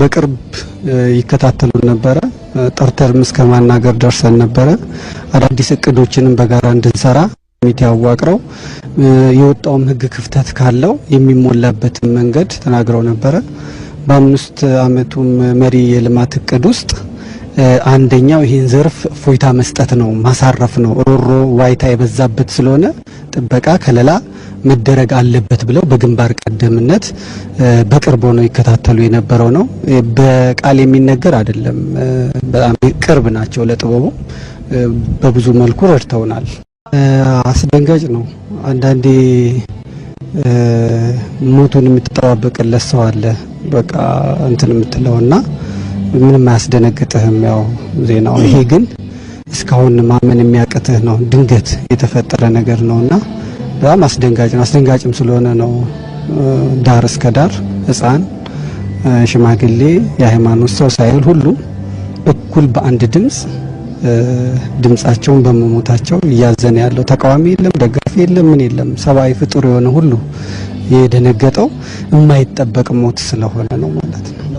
በቅርብ ይከታተሉ ነበረ። ጠርተንም እስከ ማናገር ደርሰን ነበረ። አዳዲስ እቅዶችንም በጋራ እንድንሰራ ኮሚቴ አዋቅረው የወጣውም ህግ ክፍተት ካለው የሚሞላበትን መንገድ ተናግረው ነበረ። በአምስት አመቱም መሪ የልማት እቅድ ውስጥ አንደኛው ይህን ዘርፍ እፎይታ መስጠት ነው፣ ማሳረፍ ነው። ሮሮ ዋይታ የበዛበት ስለሆነ ጥበቃ ከለላ መደረግ አለበት ብለው በግንባር ቀደምነት በቅርብ ሆነው ይከታተሉ የነበረው ነው። በቃል የሚነገር አይደለም። በጣም ቅርብ ናቸው ለጥበቡ። በብዙ መልኩ ረድተውናል። አስደንጋጭ ነው። አንዳንዴ ሞቱን የምትጠባበቅለት ሰው አለ። በቃ እንትን የምትለውና ምንም አያስደነግጥህም ያው ዜናው። ይሄ ግን እስካሁን ማመን የሚያቅትህ ነው። ድንገት የተፈጠረ ነገር ነውና በጣም አስደንጋጭ ነው። አስደንጋጭም ስለሆነ ነው ዳር እስከ ዳር ህፃን ሽማግሌ፣ የሃይማኖት ሰው ሳይል ሁሉም እኩል በአንድ ድምፅ ድምፃቸውን በመሞታቸው እያዘነ ያለው ተቃዋሚ የለም፣ ደጋፊ የለም፣ ምን የለም። ሰብአዊ ፍጡር የሆነ ሁሉ የደነገጠው የማይጠበቅ ሞት ስለሆነ ነው ማለት ነው።